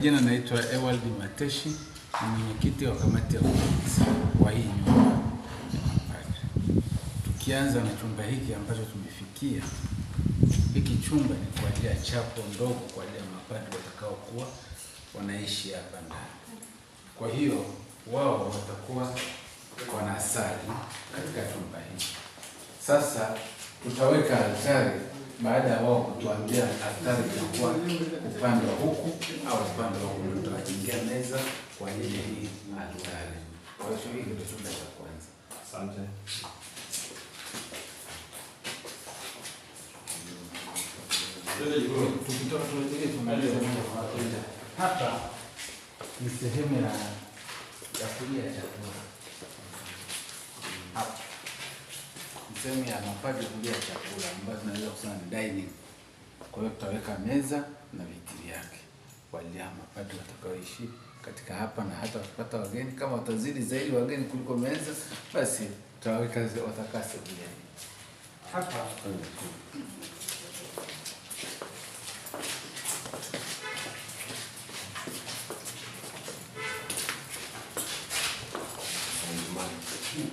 Jina naitwa Ewald Mateshi, ni mwenyekiti wa kamati ya ujenzi wa hii nyumba. Tukianza na chumba hiki ambacho tumefikia, hiki chumba ni kwa ajili ya chapo ndogo kwa ajili ya mapadri watakaokuwa wanaishi hapa ndani. Kwa hiyo wao watakuwa wanasali katika chumba hiki. Sasa tutaweka altari baada ya wao kutuambia athari zitakuwa upande wa huku au upande wa huku, ndio tutawajengea meza kwa ajili hii athari. Kwa hiyo hii ndio chumba cha kwanza. Asante. Hapa ni sehemu ya kulia chakula hapa sehemu ya mapato kulia chakula ambayo tunaweza kusema ni dining. Kwa hiyo tutaweka meza na viti vyake ya mapato watakaoishi katika hapa, na hata wakipata wageni kama watazidi zaidi wageni kuliko meza, basi tutaweka watakaa sebuleni hapa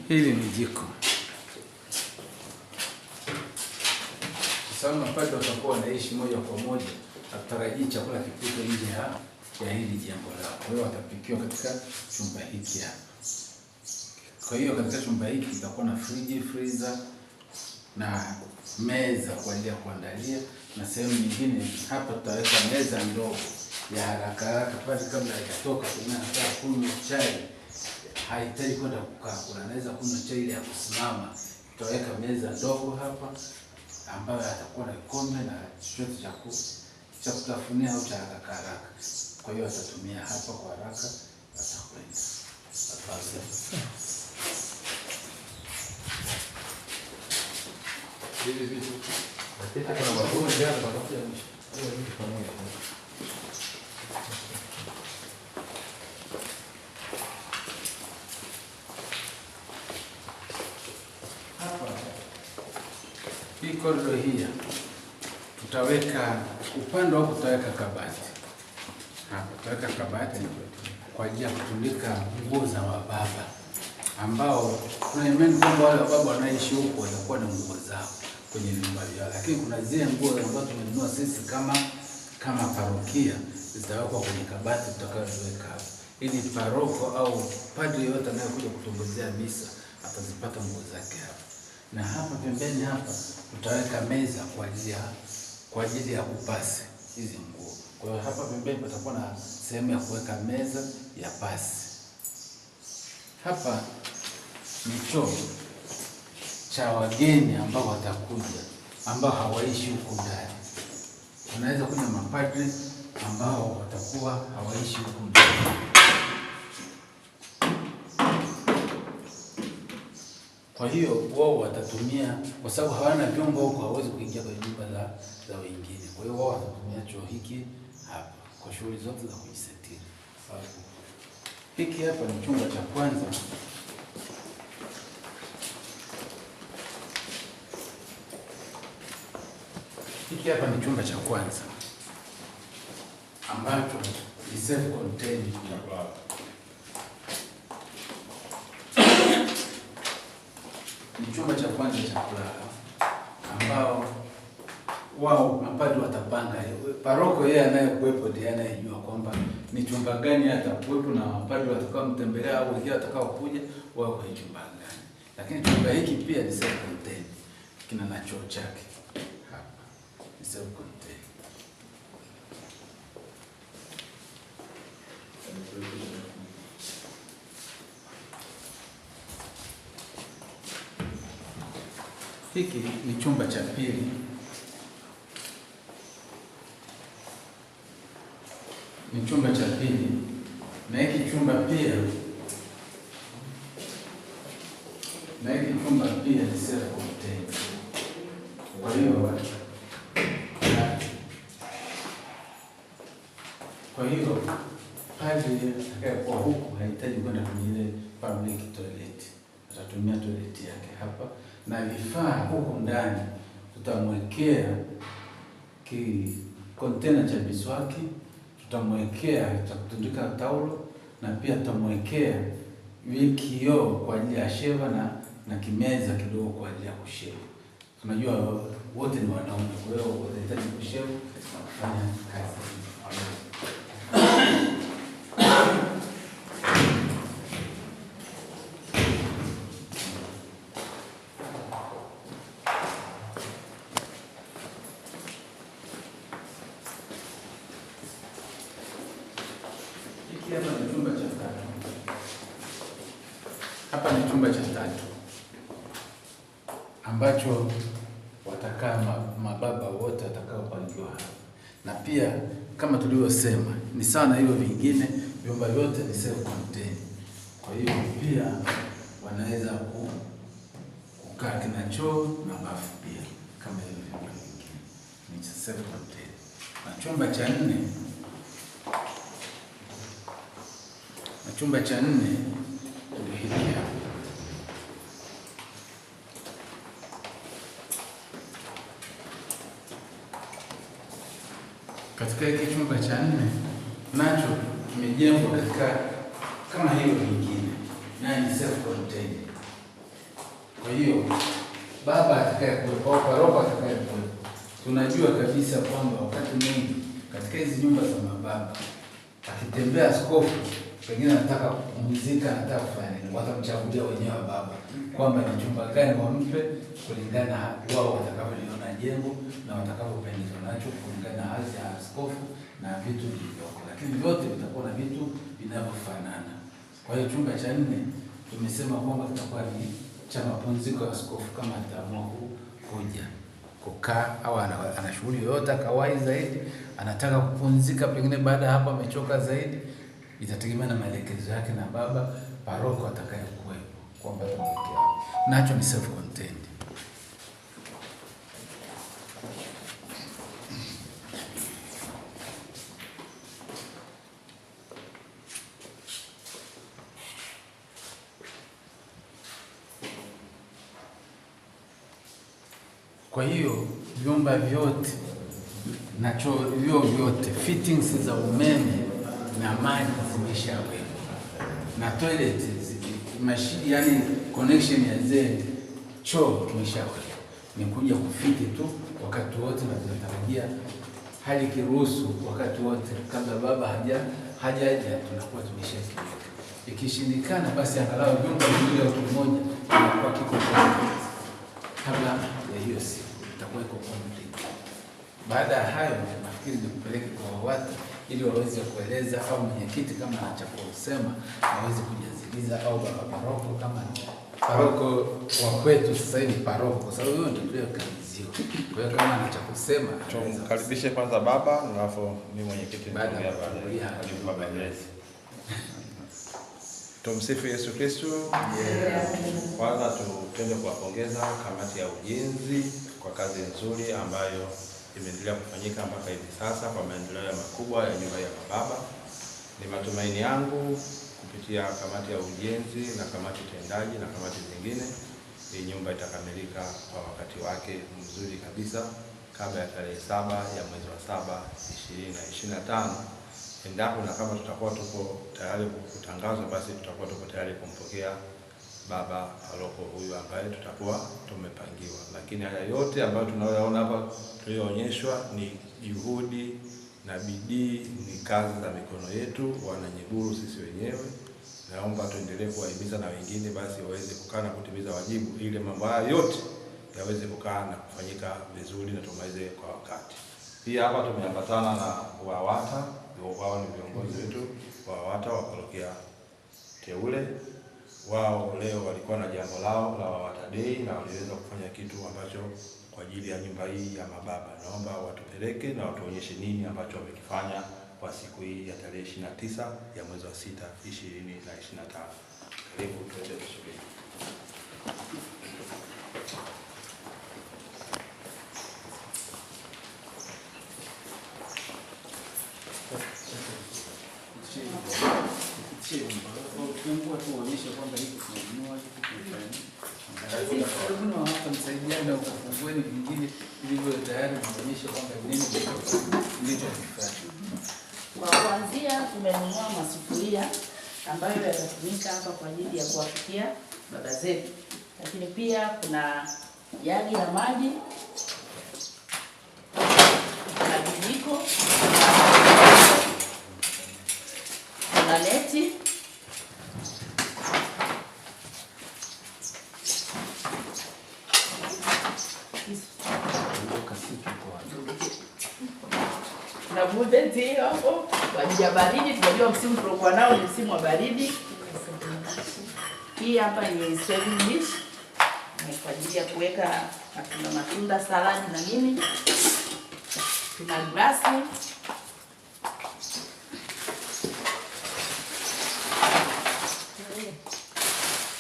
Hili ni jiko. sababu mapato watakuwa wanaishi moja kwa moja, atarajii chakula kipikwe nje ya ya hili jambo lao. Kwa hiyo watapikiwa katika chumba hiki hapa. Kwa hiyo katika chumba hiki kitakuwa na friji, freezer na meza kwa ajili ya kuandalia, na sehemu nyingine hapa tutaweka meza ndogo ya haraka haraka pale kabla haijatoka, anataka kunywa chai, hahitaji kwenda kukaa, kuna anaweza kunywa chai ile ya kusimama. Tutaweka meza ndogo hapa ambayo atakuwa na kikombe na chochote cha cha kutafunia au cha haraka haraka. Kwa hiyo atatumia hapa kwa haraka, atakwenda korido hii tutaweka upande wa tutaweka kabati hapa, tutaweka kabati kwa ajili ya kutundika nguo za wababa ambao kuna imani kwamba wale wababa wanaishi huko watakuwa na nguo zao kwenye nyumba yao, lakini kuna zile nguo ambazo tumenunua sisi kama kama parokia zitawekwa kwenye kabati tutakazoiweka hapo, ili paroko au padri yoyote anayekuja kutongozea misa atazipata nguo zake hapo na hapa pembeni hapa tutaweka meza kwa ajili ya kwa ajili ya kupasi hizi nguo. Kwa hiyo hapa pembeni patakuwa na sehemu ya kuweka meza ya pasi. Hapa ni choo cha wageni ambao watakuja, ambao hawaishi huko ndani. Unaweza kuja mapadri ambao watakuwa hawaishi huko ndani. Kwa hiyo wao watatumia, kwa sababu hawana vyombo huko, hawezi kuingia kwenye nyumba za, za wengine. Kwa hiyo wao watatumia choo hiki hapa kwa shughuli zote za kujisitiri. Hiki hapa ni chumba cha kwanza Hiki hapa ni chumba cha kwanza ambacho ni self contained. ni chumba cha kwanza cha kulala ambao wao mapadri watapanga. Paroko yeye anayekuwepo ndiye anayejua kwamba ni chumba gani atakuwepo na mapadri watakao mtembelea au wengine watakao kuja wao kwenye chumba gani. Lakini chumba hiki pia ni self contained, kina na choo chake hapa, ni self contained. Hiki ni chumba cha pili. Ni chumba cha pili, na hiki chumba pia na hiki chumba pia ni sera kwa huko ndani tutamwekea kikontena cha miswaki, tutamwekea cha taulo na pia tutamwekea kioo kwa ajili ya sheva na na kimeza kidogo kwa ajili ya kusheva. Tunajua wote ni wanaume, kwa hiyo watahitaji kusheva na kufanya kazi. nimesema ni sawa na hivyo vingine, vyumba vyote ni self contained. Kwa hiyo pia wanaweza ku, kukaa kina choo na bafu pia kama hivyo vyumba vingine ni self contained. Na chumba cha nne na chumba cha nne ndio hiki hapa. Katika hiki chumba cha nne nacho kimejengwa katika kama hiyo nyingine, naye ni self contained. Kwa hiyo baba atakayekuwepo au paroko kuwepo, tunajua kabisa kwamba wakati mwingi katika hizi nyumba za mababa akitembea askofu, pengine anataka kupumzika, anataka kufanya nini, watamchagulia wenyewe baba kwamba ni chumba gani wampe kulingana wao watakavyoliona jengo na watakavyopendezwa nacho kulingana na hadhi ya askofu na vitu vilivyoko, lakini vyote vitakuwa na vitu vinavyofanana. Kwa hiyo chumba cha nne tumesema kwamba kitakuwa ni cha mapumziko ya askofu kama ataamua kuja kukaa au ana shughuli yoyote kawai zaidi, anataka kupumzika, pengine baada ya hapo amechoka zaidi, itategemea na maelekezo yake na baba paroko atakayekuwa kwamba nacho ni self contained. Kwa hiyo vyumba vyote na choo vyote, fittings za umeme na maji zimeshawekwa na toilet mashidi, yani connection ya zeni choo tumeshakuja, ni kuja kufiti tu wakati wote, na tunatarajia hali kiruhusu wakati wote, kabla baba haja hajaja tunakuwa tumeshafika. Ikishindikana basi angalau vyumba viwili au mmoja kwa kiko kabla ya hiyo siku, itakuwa iko complete. Baada ya hayo nafikiri nikupeleke kwa watu ili waweze kueleza au mwenyekiti kama cha kusema waweze kujaziliza, au baba paroko kama paroko wa kwetu sasa hivi paroko, kwa sababu hiyo ndio tuliyokabidhiwa. Kwa hiyo kama ana cha kusema tumkaribishe kwanza baba, alafu ni mwenyekiti baada ya baadaye. Tumsifu Yesu Kristo. Kwanza tutende kuwapongeza kamati ya ujenzi kwa kazi nzuri ambayo imeendelea kufanyika mpaka hivi sasa kwa maendeleo makubwa ya nyumba ya mababa. Ni matumaini yangu kupitia kamati ya ujenzi na kamati tendaji na kamati zingine, hii nyumba itakamilika kwa wakati wake mzuri kabisa kabla ya tarehe saba ya mwezi wa saba ishirini na ishirini na tano endapo na kama tutakuwa tuko tayari kutangazwa, basi tutakuwa tuko tayari kumpokea baba aloko huyu ambaye tutakuwa tumepangiwa. Lakini haya yote ambayo tunayoyaona hapa tuliyoonyeshwa ni juhudi na bidii, ni kazi za mikono yetu, Wananyeburu sisi wenyewe. Naomba tuendelee kuwahimiza na wengine basi waweze kukaa na kutimiza wajibu, ili mambo haya yote yaweze kukaa na kufanyika vizuri na tumalize kwa wakati. Pia hapa tumeambatana na WAWATA, wao ni viongozi wetu WAWATA wa parokia teule wao leo walikuwa na jambo lao la Wawadadei na waliweza kufanya kitu ambacho kwa ajili ya nyumba hii ya mababa. Naomba watupeleke na watuonyeshe nini ambacho wamekifanya kwa siku hii ya tarehe 29 ya mwezi wa 6 2025. Karibu tuende tusubiri. Hebu na hata msaidiane au kufungueni vingine vilivyo tayari mnaonyesha kwamba nini kilichofaa. Kwa kuanzia tumenunua masufuria ambayo yatatumika hapa kwa ajili ya kuwapikia baba zetu, lakini pia kuna jagi ya maji na vijiko na neti na budeti hapo kwa ya baridi. Tunajua msimu tuliokuwa nao ni msimu wa baridi. Hii hapa ni serving dish kwa ajili ya kuweka matunda matunda, saladi na nini. Tuna glasi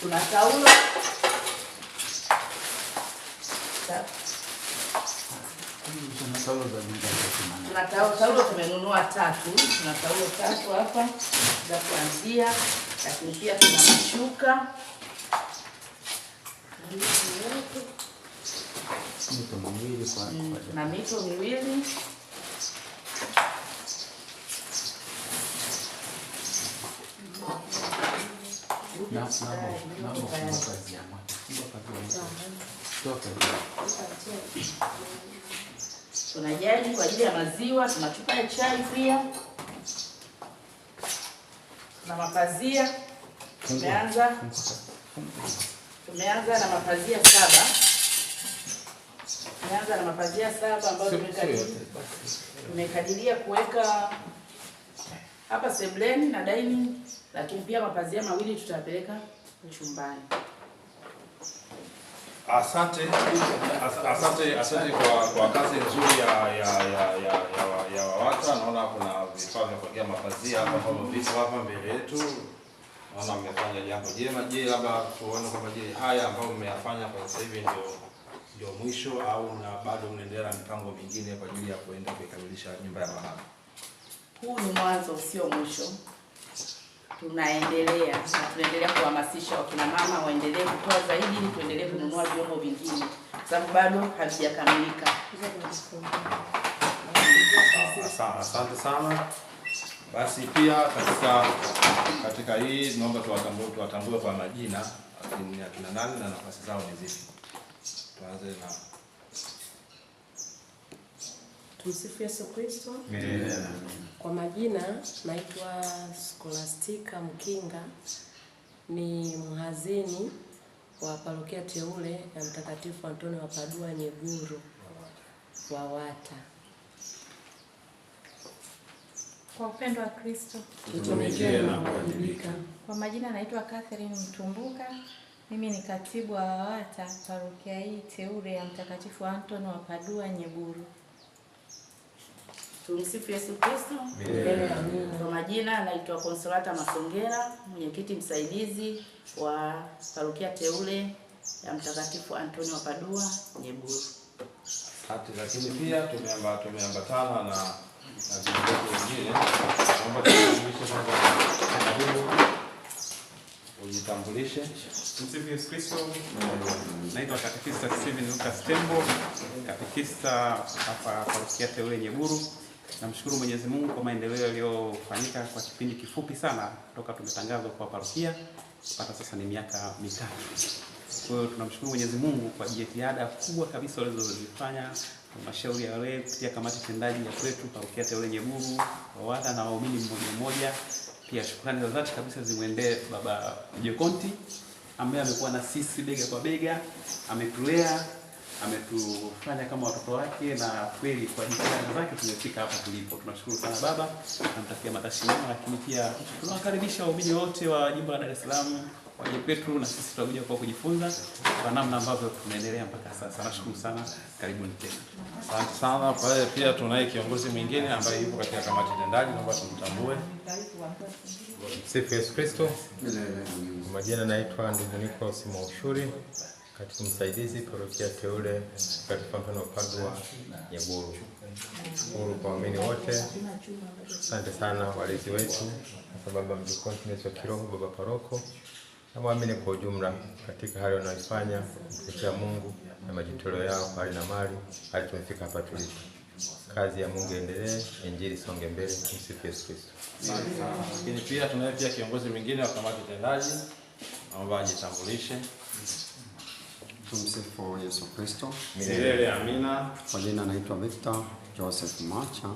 tuna taulo Tuna taulo tumenunua tatu, tuna taulo tatu hapa za kuanzia, lakini pia tuna mashuka na mito miwili kuna jagi kwa ajili ya maziwa, tuna chupa ya chai pia, tuna mapazia. Tumeanza tumeanza na mapazia saba, tumeanza na mapazia saba ambayo tumekadiria tumekadiria kuweka hapa sebleni na dining, lakini pia mapazia mawili tutayapeleka chumbani. Asante, asante, asante kwa, kwa kazi nzuri ya ya ya ya, ya, ya WAWATA. Naona kuna vifaa vya kuwekea mapazia hapa kama vipo hapa mbele yetu, naona mmefanya jambo jema. Je, labda tuone kwamba je, haya ambayo mmeyafanya kwa sasa hivi ndio ndio mwisho au na bado mnaendelea mipango mingine kwa ajili ya kuenda kuikamilisha nyumba ya mahama? Huu ni mwanzo, sio mwisho tunaendelea na tunaendelea kuhamasisha wakina mama waendelee kutoa zaidi ili tuendelee kununua vyombo vingine, kwa sababu bado havijakamilika. Asante sana. Basi pia katika katika hii naomba tuwatambue tuwatambue kwa majina akina nani na nafasi zao ni zipi. Tuanze na Msifu Yesu Kristo. Amen. Kwa majina naitwa Scholastica Mkinga, ni mhazini wa parokia teule ya Mtakatifu Antonio wa Padua Nyeguru Wata. Kwa upendo wa Kristo tutumikie na Kwa majina naitwa Catherine Mtumbuka, mimi ni katibu wa WAWATA parokia hii teule ya Mtakatifu Antonio wa Padua Nyeguru. Tumsifu Yesu Kristo. Kwa majina naitwa Consolata Masongera, mwenyekiti msaidizi wa parokia teule ya Mtakatifu Antonio wa Padua Nyeburu. Lakini pia tumeamba tumeambatana na viongozi wengine Ujitambulishe. Msifu Yesu Kristo. Naitwa Katekista Steven Lucas Tembo, katekista hapa parokia teule Nyeburu. Namshukuru Mwenyezi Mungu kwa maendeleo yaliyofanyika kwa kipindi kifupi sana toka tumetangazwa kwa parokia mpaka sasa ni miaka mitatu. Kwa hiyo tunamshukuru Mwenyezi Mungu kwa jitihada kubwa kabisa walizozifanya halmashauri ya Walewi kupitia kamati tendaji ya kwetu parokia Teule Nyeguru, wawala na waumini mmoja mmoja. Pia shukrani za dhati kabisa zimwendee Baba Jokonti ambaye amekuwa na sisi bega kwa bega, ametulea ametufanya kama watoto wake, na kweli kwa jitihada zake tumefika hapa tulipo. Tunashukuru sana baba, namtakia matashi mema, lakini pia tunawakaribisha waumini wote wa jimbo la Dar es Salaam waje kwetu, na sisi tutakuja kwa kujifunza kwa namna ambavyo tunaendelea mpaka sasa. Nashukuru sana, karibuni tena. Asante sana. Pale pia tunaye kiongozi mwingine ambaye yupo katika kamati tendaji, naomba tumtambue. Msifu Yesu Kristo. majina naitwa ndugu Nicholas Mwaushauri katika msaidizi parokia teule katika mfano Padua ya Buru Buru kwa waamini wote. Asante sana walezi wetu, hasa baba mjukuu wa kiroho, baba paroko na waamini kwa ujumla katika hali wanayoifanya kutetea Mungu na majitoleo yao hali na mali hadi tumefika hapa tulipo. Kazi ya Mungu endelee, injili songe mbele. Tumsifu Yesu Kristo. Lakini pia tunaye pia kiongozi mwingine wa kamati tendaji, naomba ajitambulishe. Tumsifu Yesu Kristo. Milele amina. Kwa jina naitwa Victor Joseph Macha,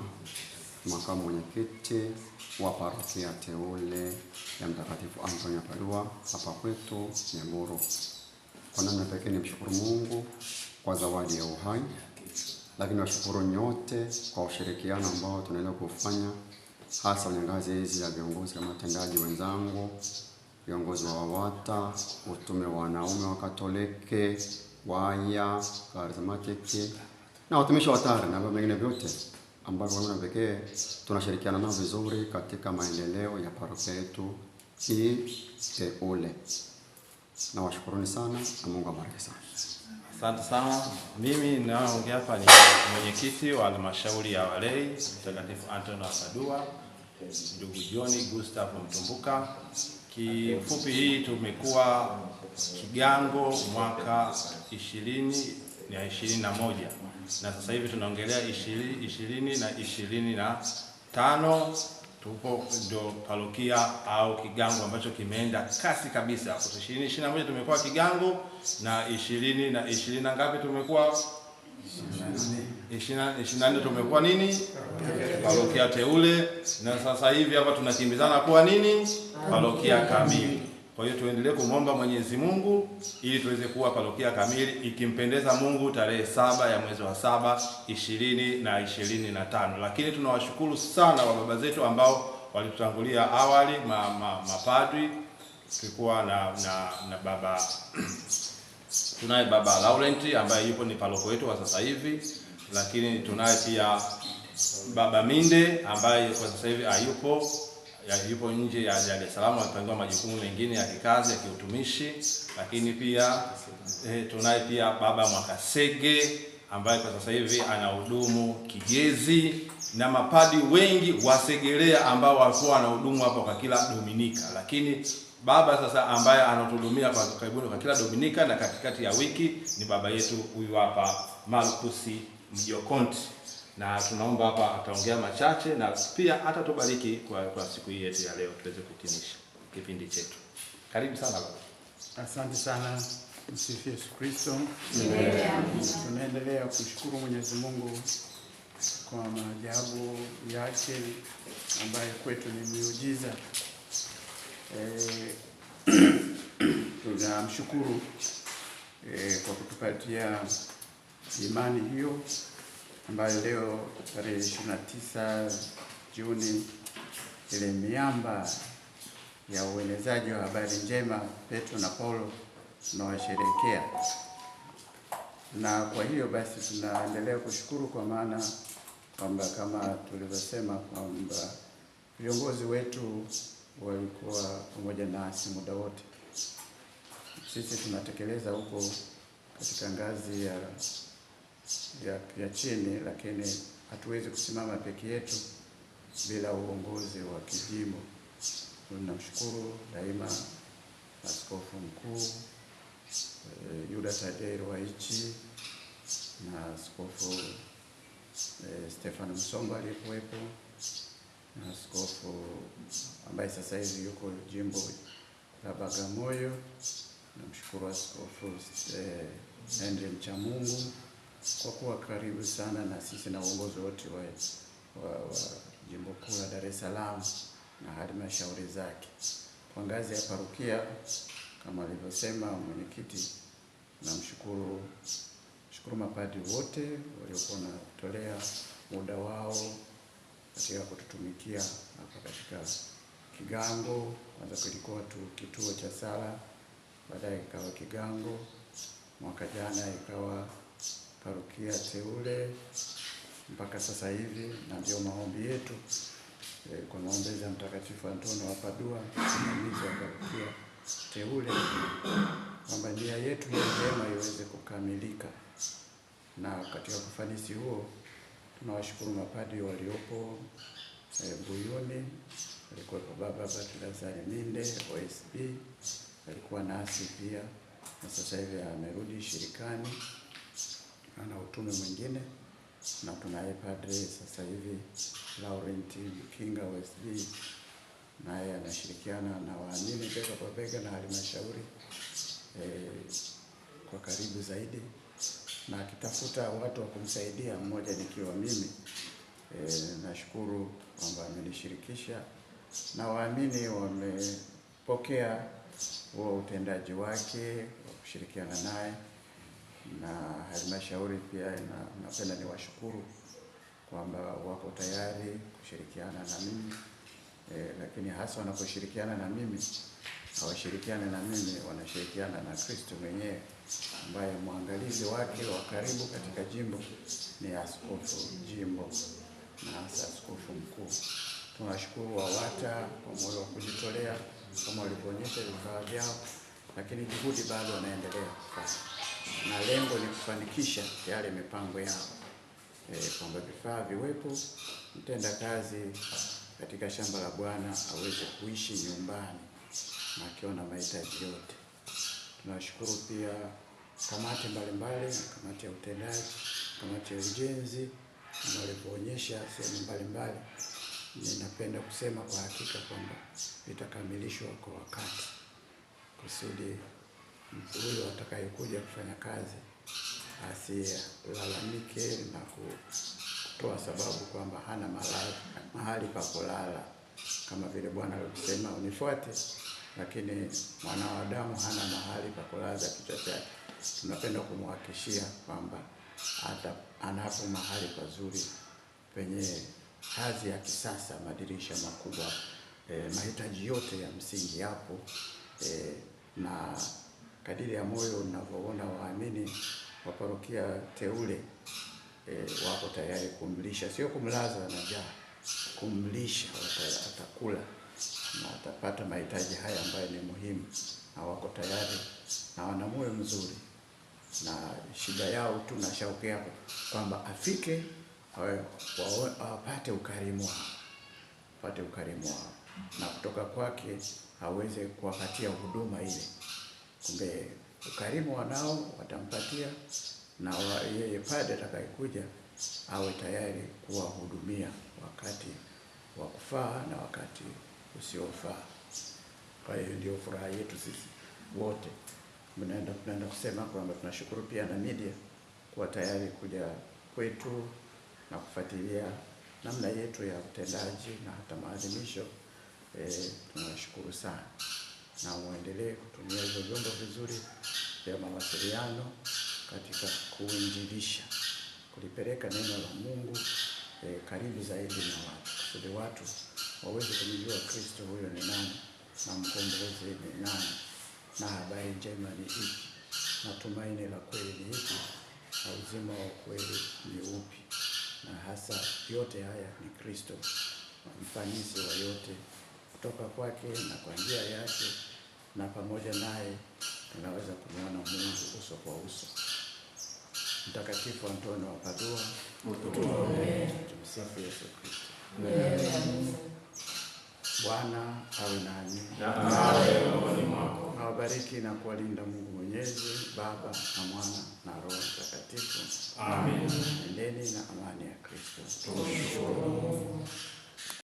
makamu mwenyekiti wa parokia teule ya Mtakatifu Antonio Padua hapa kwetu Nyamuru. Kwa namna pekee nimshukuru Mungu kwa zawadi ya uhai, lakini washukuru nyote kwa ushirikiano ambao tunaendelea kufanya hasa kwenye ngazi hizi ya viongozi kama watendaji wenzangu viongozi wa WAWATA, utume wa wanaume wa Katoliki, waya karizmatiki na watumishi wa TARI na mengine vyote ambavyo namna pekee tunashirikiana nao vizuri katika maendeleo ya parokia yetu hii teule. Na sana na Mungu abariki sana. Asante sana. Mimi ninayoongea hapa ni mwenyekiti wa halmashauri ya walei Mtakatifu Anthony wa Padua, ndugu John Gustav Mtumbuka. Kifupi hii tumekuwa Kigango mwaka ishirini na ishirini na moja na sasa hivi tunaongelea ishirini, na ishirini na tano tupo ndio parokia au Kigango ambacho kimeenda kasi kabisa. Ishirini ishirini na moja tumekuwa Kigango na ishirini na ishirini na ngapi tumekuwa ishirini na nne tumekuwa nini parokia teule, na sasa hivi hapa tunakimbizana kuwa nini parokia kamili. Kwa hiyo tuendelee kumwomba Mwenyezi Mungu ili tuweze kuwa parokia kamili ikimpendeza Mungu tarehe saba ya mwezi wa saba ishirini na ishirini na tano. Lakini tunawashukuru sana wa baba zetu ambao walitutangulia awali, mapadri ma, ma tulikuwa na, na, na baba tunaye baba Laurent ambaye yupo ni paroko wetu wa sasa hivi lakini tunaye pia Baba Minde ambaye kwa sasa hivi hayupo yupo nje ya Dar es Salaam, amepangiwa majukumu mengine ya kikazi ya kiutumishi, lakini pia eh, tunaye pia Baba Mwakasege ambaye kwa sasa hivi anahudumu Kigezi na mapadi wengi wasegelea ambao walikuwa wanahudumu hapo kwa kila Dominika, lakini baba sasa ambaye anatuhudumia kwa karibuni kwa kila Dominika na katikati ya wiki ni baba yetu huyu hapa Markusi mjokonti na tunaomba hapa ataongea machache na pia hata tubariki kwa, kwa siku hii yetu ya leo tuweze kutimisha kipindi chetu. Karibu sana baba. Asante sana. msifu Yesu Kristo. Tunaendelea kushukuru Mwenyezi Mungu kwa maajabu yake ambayo kwetu ni miujiza. E, tunamshukuru e, kwa kutupatia imani hiyo ambayo leo tarehe 29 Juni ile miamba ya uenezaji wa habari njema Petro na Paulo tunawasherehekea, na kwa hiyo basi tunaendelea kushukuru kwa maana kwamba kama tulivyosema kwamba viongozi wetu walikuwa pamoja nasi muda wote. Sisi tunatekeleza huko katika ngazi ya ya, ya chini, lakini hatuwezi kusimama peke yetu bila uongozi wa kijimbo. Tunamshukuru daima Askofu Mkuu e, Yuda Tadei Ruwa'ichi na Askofu e, eh, Stefano Msomba aliyekuwepo na askofu ambaye sasa hivi yuko jimbo la Bagamoyo. Namshukuru Askofu eh, Henry Mchamungu kwa kuwa karibu sana na sisi na uongozi wote wa, wa, wa jimbo kuu la Dar es Salaam na halmashauri zake. Kwa ngazi ya parokia kama alivyosema mwenyekiti, namshukuru shukuru mapadi wote waliokuwa wanatolea muda wao katika kututumikia hapa katika Kigango. Kwanza kilikuwa tu kituo cha sala, baadaye ikawa Kigango, mwaka jana ikawa parokia teule mpaka sasa hivi, na ndio maombi yetu e, kwa maombezi ya Mtakatifu Antonio wa Padua, msimamizi wa parokia teule, kwamba nia yetu ya njema iweze kukamilika, na katika ufanisi huo tunawashukuru mapadri waliopo e, Buyuni alikuwepo Baba Baltazar Minde OSP, alikuwa nasi pia na sasa hivi amerudi shirikani ana utume mwingine, na tunaye padre sasa hivi Laurent mkinga Wesley, naye anashirikiana na waamini bega kwa bega na halmashauri e, kwa karibu zaidi, na akitafuta watu wa kumsaidia, mmoja nikiwa mimi e, nashukuru kwamba amenishirikisha na waamini wamepokea huo utendaji wake wa kushirikiana naye na halmashauri pia napenda niwashukuru kwamba wako tayari kushirikiana na mimi e, lakini hasa wanaposhirikiana na mimi hawashirikiane na mimi, wanashirikiana na Kristo mwenyewe ambaye mwangalizi wake wa karibu katika jimbo ni askofu jimbo na hasa askofu mkuu. Tunashukuru WAWATA kwa moyo wa kujitolea kama walivyoonyesha vifaa vyao, lakini juhudi bado wanaendelea kufanya na lengo ni kufanikisha yale mipango yao e, kwamba vifaa viwepo, mtenda kazi katika shamba la Bwana aweze kuishi nyumbani na akiona mahitaji yote. Tunashukuru pia kamati mbalimbali, kamati ya utendaji, kamati ya ujenzi walivyoonyesha sehemu mbalimbali. Ninapenda kusema kwa hakika kwamba vitakamilishwa kwa wakati kusudi mzuri watakayekuja kufanya kazi asilalamike na kutoa sababu kwamba hana malazi, mahali pa kulala, kama vile Bwana alivyosema unifuate, lakini mwana wa Adamu hana mahali pa kulaza kichwa chake. Tunapenda kumhakikishia kwamba anapo mahali pazuri penye kazi ya kisasa, madirisha makubwa, eh, mahitaji yote ya msingi yapo eh, na kadiri ya moyo unavyoona waamini wa parokia teule e, wako tayari kumlisha, sio kumlaza na njaa, kumlisha. atakula na atapata mahitaji haya ambayo ni muhimu, na wako tayari na wana moyo mzuri, na shida yao tu na shauku yao kwamba afike awapate ukarimu wao, apate ukarimu wao na kutoka kwake aweze kuwapatia huduma ile. Kumbe ukarimu wanao watampatia, na yeye padre atakayekuja awe tayari kuwahudumia wakati wa kufaa na wakati usiofaa. Kwa hiyo ndio furaha yetu sisi wote. Mnaenda tunaenda kusema kwamba tunashukuru pia na media kuwa tayari kuja kwetu na kufuatilia namna yetu ya utendaji na hata maadhimisho. E, eh, tunashukuru sana na muendelee kutumia hivyo vyombo vizuri vya mawasiliano katika kuinjilisha, kulipeleka neno la Mungu e, karibu zaidi na watu, kusudi watu waweze kumjua Kristo huyo ni nani na mkombozi ni nani na habari njema ni ipi na tumaini la kweli ni ipi na uzima wa kweli ni upi, na hasa yote haya ni Kristo, mfanyizi wa yote kutoka kwake na kwa njia yake na pamoja naye tunaweza kumwona Mungu uso kwa uso. Mtakatifu Antonio wa Padua, utuombee. Tumsifu Yesu Kristo. Bwana awe nanyi na wabariki na kuwalinda Mungu Mwenyezi, Baba na Mwana na Roho Mtakatifu. Amen. Endeni na amani ya Kristo. Tumshukuru Mungu.